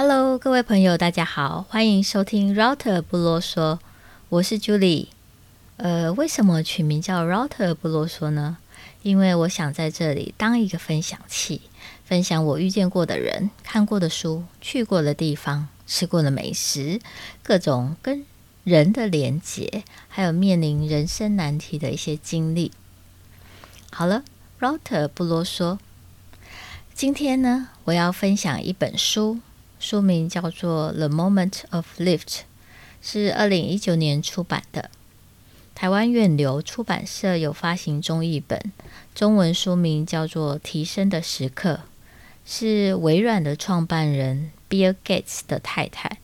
Hello，各位朋友，大家好，歡迎收聽 Router 不囉嗦。我是 Julie。呃，為什麼我取名叫 Router 不囉嗦呢？因為我想在這裡當一個分享器，分享我遇見過的人、看過的書、去過的地方、吃過的美食，各種跟人的連接，還有面臨人生難題的一些經歷。好了，Router 不囉嗦。今天呢，我要分享一本書。書名叫做《The Moment of Lift》，是二零一九年出版的。台灣遠流出版社有發行中譯本，中文書名叫做《提升的時刻》，是微軟的創辦人 Bill Gates 的太太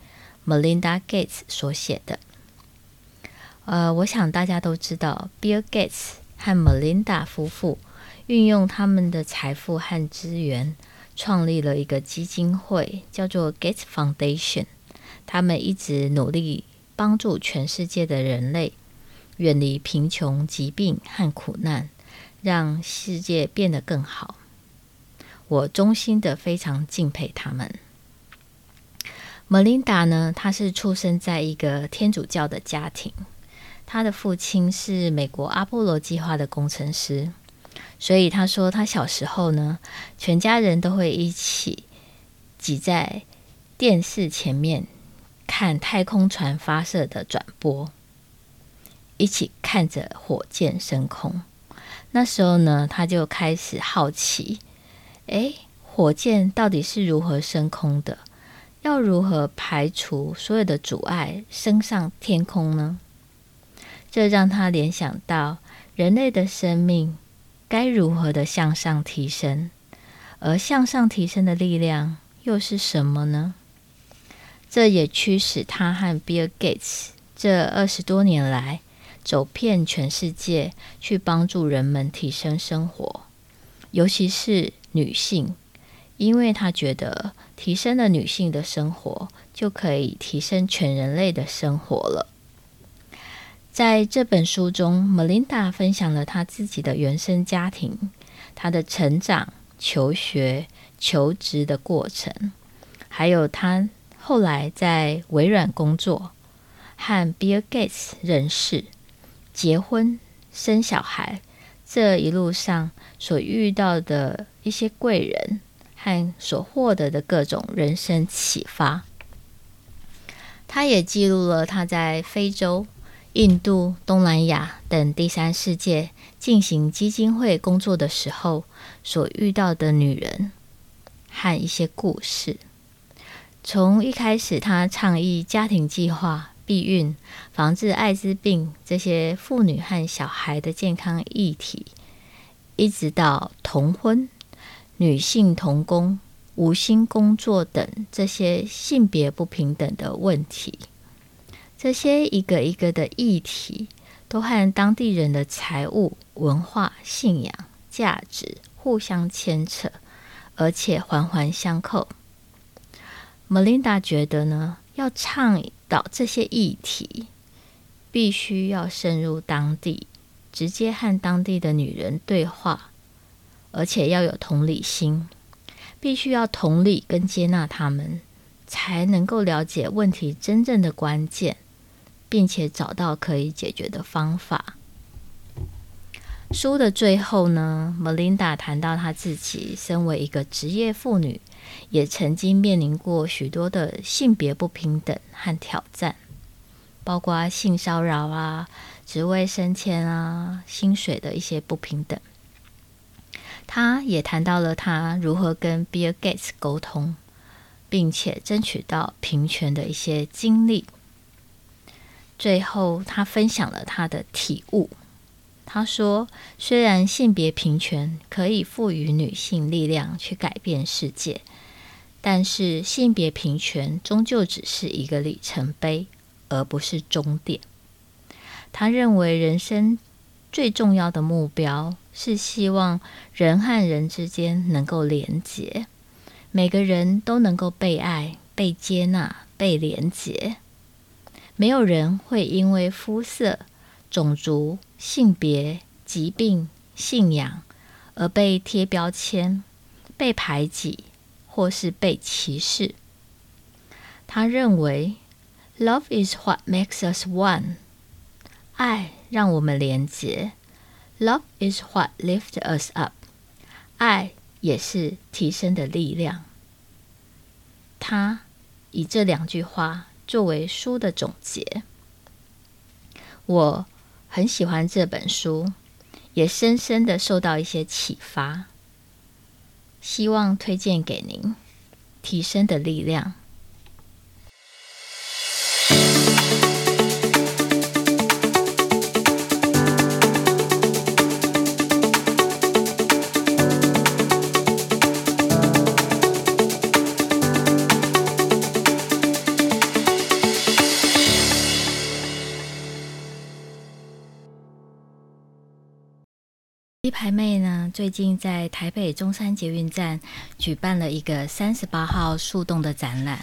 Melinda Gates 所寫的。呃，我想大家都知道 Bill Gates 和 Melinda 夫婦運用他們的財富和資源。創立了一個基金會，叫做 Gates Foundation。他們一直努力幫助全世界的人類遠離貧窮、疾病和苦難，讓世界變得更好。我衷心地非常敬佩他們。Melinda 呢，她是出生在一個天主教的家庭，她的父親是美國阿波羅計劃的工程師。所以他說，他小時候呢，全家人都會一起擠在電視前面看太空船發射的轉播，一起看着火箭升空。那時候呢，他就開始好奇，哎，火箭到底是如何升空的？要如何排除所有的阻礙，升上天空呢？這讓他聯想到人類的生命。該如何的向上提升？而向上提升的力量又是什麼呢？這也驅使他和 Bill Gates 這二十多年來走遍全世界，去幫助人們提升生活，尤其是女性，因為她覺得提升了女性的生活，就可以提升全人類的生活了。在這本書中，Melinda 分享了他自己的原生家庭、他的成長、求學、求職的過程，還有他後來在微軟工作、和 Bill Gates 認識、結婚、生小孩這一路上所遇到的一些貴人和所獲得的各種人生啟發。他也記錄了他在非洲，印度、東南亞等第三世界進行基金會工作的時候，所遇到的女人和一些故事。從一開始，她倡議家庭計劃、避孕、防治艾滋病這些婦女和小孩的健康議題，一直到童婚、女性童工、無薪工作等這些性別不平等的問題。這些一個一個的議題，都和當地人的財務、文化、信仰、價值互相牽扯，而且環環相扣。Melinda 覺得呢，要倡導這些議題，必須要深入當地，直接和當地的女人對話，而且要有同理心，必須要同理跟接納他們，才能夠了解問題真正的關鍵。並且找到可以解決的方法。書的最後呢，Melinda 談到她自己身為一個職業婦女，也曾經面臨過許多的性別不平等和挑戰，包括性騷擾啊、職位升遷啊、薪水的一些不平等。她也談到了她如何跟 Bill Gates 溝通，並且爭取到平權的一些經歷。最後，她分享了她的體悟。她說：“雖然性別平權可以賦予女性力量去改變世界，但是性別平權終究只是一個里程碑，而不是終點。”她認為，人生最重要的目標是希望人和人之間能夠連結，每個人都能夠被愛、被接納、被連結。沒有人會因為膚色、種族、性別、疾病、信仰而被貼標籤、被排擠，或是被歧視。他認為，Love is what makes us one，愛讓我們連結；Love is what lifts us up，愛也是提升的力量。他以這兩句話，作為書的總結，我很喜歡這本書，也深深的受到一些啟發，希望推薦給您，提升的力量。雞排妹呢，最近在台北中山捷運站舉辦了一個三十八號樹洞的展覽，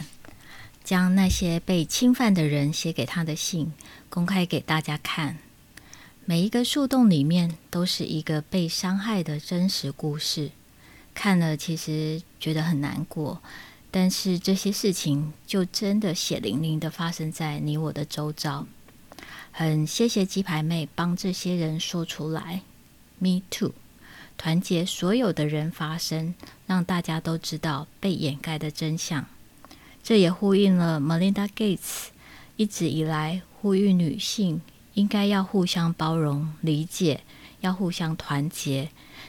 將那些被侵犯的人寫給她的信公開給大家看。每一個樹洞裡面都是一個被傷害的真實故事，看了其實覺得很難過，但是這些事情就真的血淋淋的發生在你我的周遭。很謝謝雞排妹幫這些人說出來。Me too，團結所有的人發聲，讓大家都知道被掩蓋的真相。這也呼應了 Melinda Gates 一直以來呼籲女性應該要互相包容、理解，要互相團結，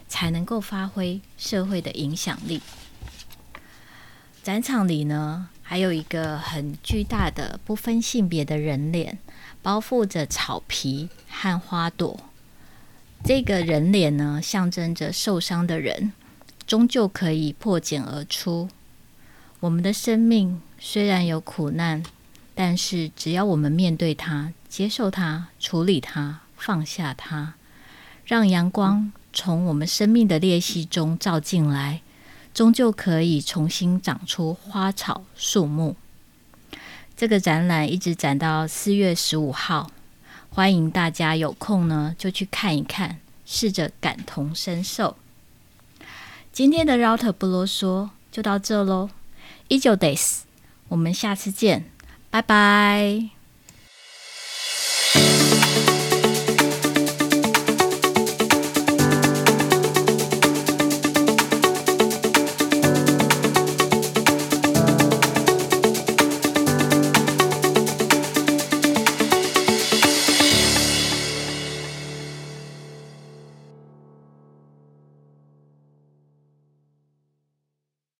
才能夠發揮社會的影響力。展場裡呢，還有一個很巨大的不分性別的人臉，包覆着草皮和花朵。這個人臉呢，象徵着受傷的人，終究可以破繭而出。我們的生命雖然有苦難，但是只要我們面對它、接受它、處理它、放下它，讓陽光從我們生命的裂隙中照進來，終究可以重新長出花草樹木。這個展覽一直展到四月十五號。歡迎大家有空呢，就去看一看，試着感同身受。今天的 Router 不囉嗦，就到這嘍。Eager days，我們下次見，拜拜。